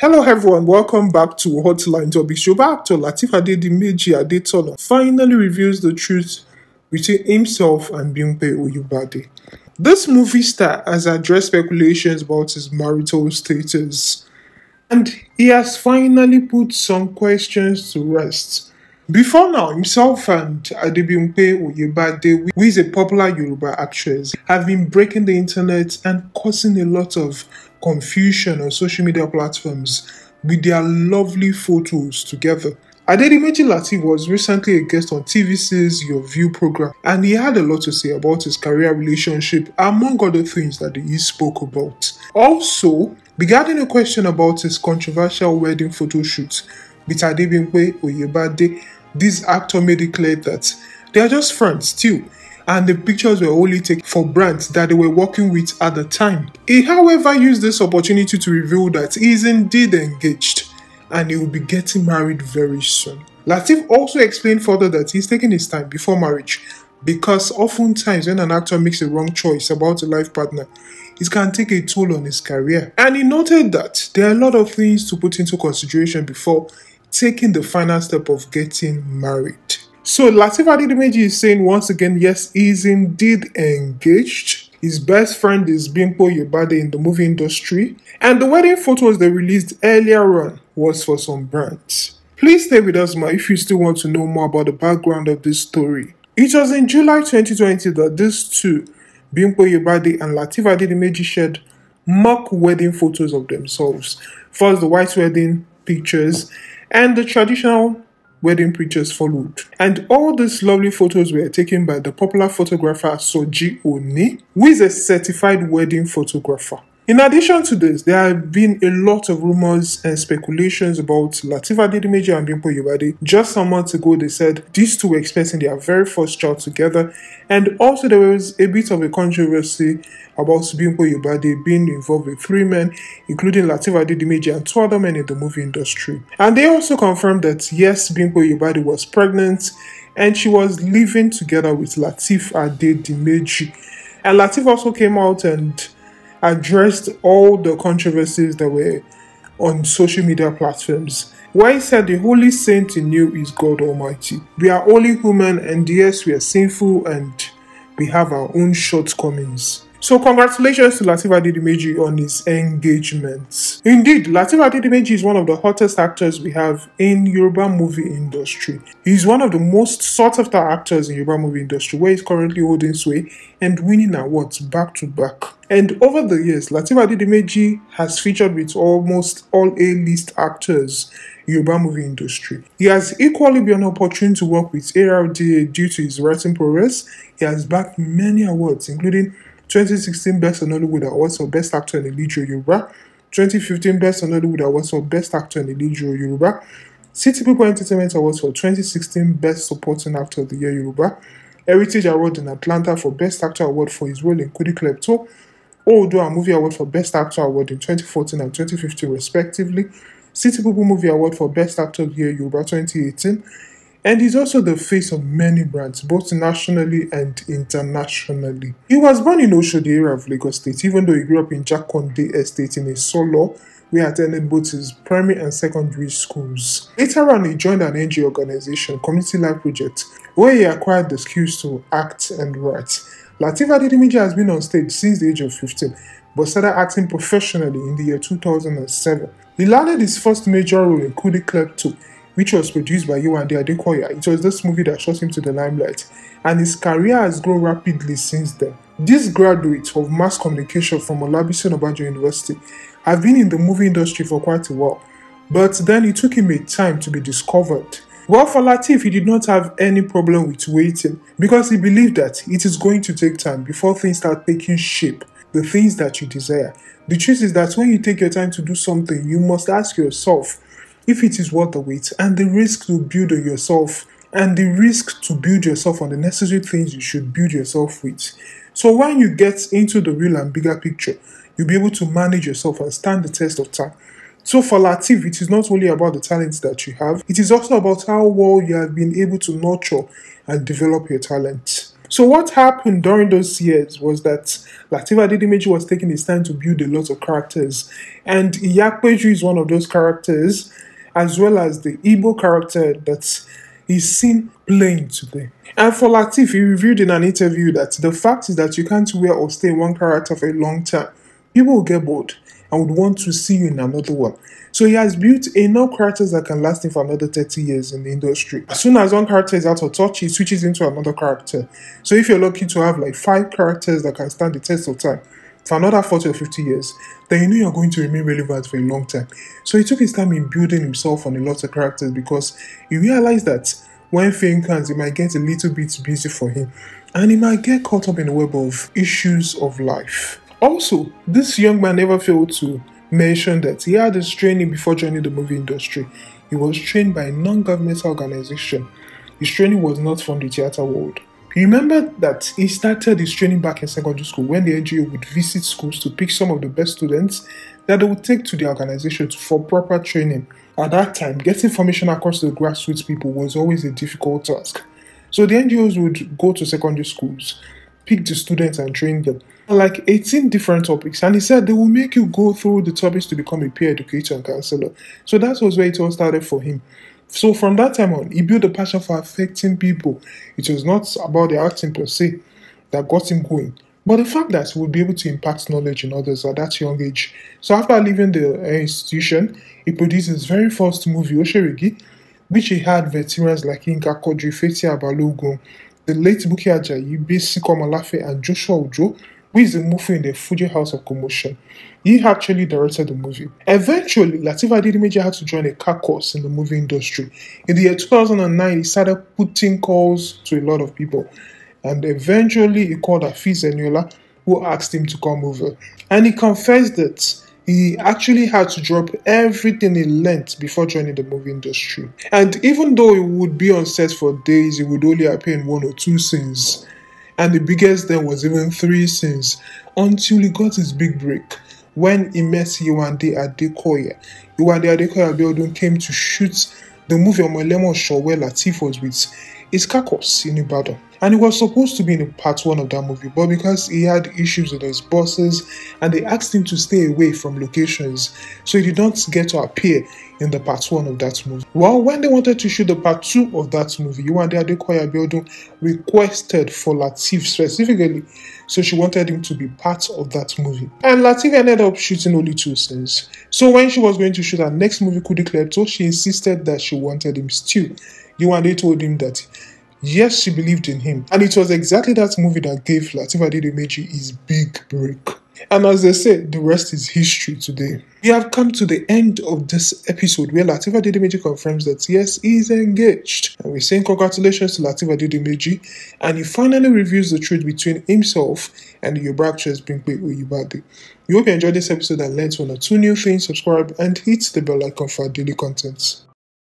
Hello everyone, welcome back to Hotline Topics. Your actor Latif Adedimeji Adetolo finally reveals the truth between himself and Bimpe Oyubade. This movie star has addressed speculations about his marital status and he has finally put some questions to rest. Before now, himself and Adebimpe Oyebade, who is a popular Yoruba actress, have been breaking the internet and causing a lot of Confusion on social media platforms with their lovely photos together. Adedimeji Lateef was recently a guest on TVC's Your View program, and he had a lot to say about his career relationship, among other things that he spoke about. Also, regarding a question about his controversial wedding photo shoot with Adebimpe Oyebade, this actor made it clear that they are just friends too and the pictures were only taken for brands that they were working with at the time. He, however, used this opportunity to reveal that he is indeed engaged and he will be getting married very soon. Latif also explained further that he's taking his time before marriage because oftentimes when an actor makes a wrong choice about a life partner, it can take a toll on his career. And he noted that there are a lot of things to put into consideration before taking the final step of getting married. So Latif Adedimeji is saying once again, yes, he's indeed engaged. His best friend is Bimpo Yobade in the movie industry. And the wedding photos they released earlier on was for some brands. Please stay with us, ma, if you still want to know more about the background of this story. It was in July 2020 that these two, Bimpo Yobade and Latif Adedimeji, shared mock wedding photos of themselves. First, the white wedding pictures and the traditional wedding pictures followed. And all these lovely photos were taken by the popular photographer Soji Oni, who is a certified wedding photographer. In addition to this, there have been a lot of rumors and speculations about Latifa Didimeji and Bimpo Yubadi. Just some months ago, they said these two were expecting their very first child together, and also there was a bit of a controversy about Bimpo Yubadi being involved with three men, including Latifa Didimeji and two other men in the movie industry. And they also confirmed that yes, Bimpo Yubadi was pregnant and she was living together with Latif Adedimeji. And Latif also came out and addressed all the controversies that were on social media platforms. Why he said the holy saint in knew is God Almighty. We are only human and yes, we are sinful and we have our own shortcomings. So congratulations to Lateef Adedimeji on his engagement. Indeed, Lateef Adedimeji is one of the hottest actors we have in Yoruba movie industry. He's one of the most sought after actors in Yoruba movie industry where he's currently holding sway and winning awards back to back. And over the years, Lateef Adedimeji has featured with almost all A-list actors in Yoruba movie industry. He has equally been an opportunity to work with ARDA due to his writing prowess. He has bagged many awards including 2016 Best on Hollywood Awards for Best Actor in a Lead Role Yoruba, 2015 Best on Hollywood Awards for Best Actor in a Lead Role Yoruba, City People Entertainment Awards for 2016 Best Supporting Actor of the Year Yoruba, Heritage Award in Atlanta for Best Actor Award for his role in Kudi Klepto, Oodua Movie Award for Best Actor Award in 2014 and 2015 respectively, City People Movie Award for Best Actor of the Year Yoruba 2018, and is also the face of many brands, both nationally and internationally. He was born in Oshodi area of Lagos State, even though he grew up in Jakonde Estate in Isolo, solo. he attended both his primary and secondary schools. Later on, he joined an NGO organization, Community Life Project, where he acquired the skills to act and write. Latifa Adedimiji has been on stage since the age of 15, but started acting professionally in the year 2007. He landed his first major role in Kudi Club 2 which was produced by Yewande Adekoya. It was this movie that shot him to the limelight, and his career has grown rapidly since then. This graduate of mass communication from Olabisi Obanjo University have been in the movie industry for quite a while, but then it took him a time to be discovered. Well, for Latif, he did not have any problem with waiting because he believed that it is going to take time before things start taking shape, the things that you desire. The truth is that when you take your time to do something, you must ask yourself if it is worth the wait and the risk to build on yourself and the risk to build yourself on the necessary things you should build yourself with. So when you get into the real and bigger picture, you'll be able to manage yourself and stand the test of time. So for Latif, it is not only about the talents that you have, it is also about how well you have been able to nurture and develop your talents. So what happened during those years was that Latif Adedimeji was taking his time to build a lot of characters. And Iyakpeju is one of those characters as well as the Igbo character that is seen playing today. And for Latif, he revealed in an interview that the fact is that you can't wear or stay in one character for a long time. People will get bored and would want to see you in another one. So he has built enough characters that can last him for another 30 years in the industry. As soon as one character is out of touch, he switches into another character. So if you're lucky to have like five characters that can stand the test of time, for another 40 or 50 years, then you know you're going to remain relevant for a long time. So he took his time in building himself on a lot of characters because he realized that when fame comes, it might get a little bit busy for him and he might get caught up in a web of issues of life. Also, this young man never failed to mention that he had his training before joining the movie industry. He was trained by a non governmental organization. His training was not from the theater world. Remember that he started his training back in secondary school when the NGO would visit schools to pick some of the best students that they would take to the organization for proper training. At that time, getting information across to the grassroots people was always a difficult task. So the NGOs would go to secondary schools, pick the students and train them. Like 18 different topics, and he said they will make you go through the topics to become a peer educator and counselor. So that was where it all started for him. So from that time on, he built a passion for affecting people. It was not about the acting per se that got him going, but the fact that he would be able to impact knowledge in others at that young age. So after leaving the uh, institution, he produced his very first movie, Osherigi, which he had veterans like Inka Kodri, Fetia Balogun, the late Buki Ajayi, Bisi Komalafe, and Joshua Ojo who is a movie in the Fuji House of Commotion. He actually directed the movie. Eventually, Latifa Adedimeji had to join a car course in the movie industry. In the year 2009, he started putting calls to a lot of people. And eventually, he called Afiz Eniola, who asked him to come over. And he confessed that he actually had to drop everything he learnt before joining the movie industry. And even though he would be on set for days, he would only appear in one or two scenes and the biggest then was even three sins until he got his big break when he met Yewande Adekoya. Yewande Adekoya building came to shoot the movie Omolemosho where Latif was with his carcass in Ibadan. And he was supposed to be in part one of that movie, but because he had issues with his bosses and they asked him to stay away from locations, so he did not get to appear in the part one of that movie. Well, when they wanted to shoot the part two of that movie, you the Adekoya Biodun requested for Latif specifically, so she wanted him to be part of that movie. And Latif ended up shooting only two scenes. So when she was going to shoot her next movie, Kudi Klepto, she insisted that she wanted him still. You and they told him that Yes, she believed in him. And it was exactly that movie that gave Latifa Didomeji his big break. And as they say, the rest is history today. We have come to the end of this episode where Latifa Didimeji confirms that yes, he's engaged. And we're saying congratulations to Latifa Didimeji. And he finally reveals the truth between himself and the Yoruba actress Binkwe Oyubade. We hope you enjoyed this episode and learned one or two new things. Subscribe and hit the bell icon for daily content.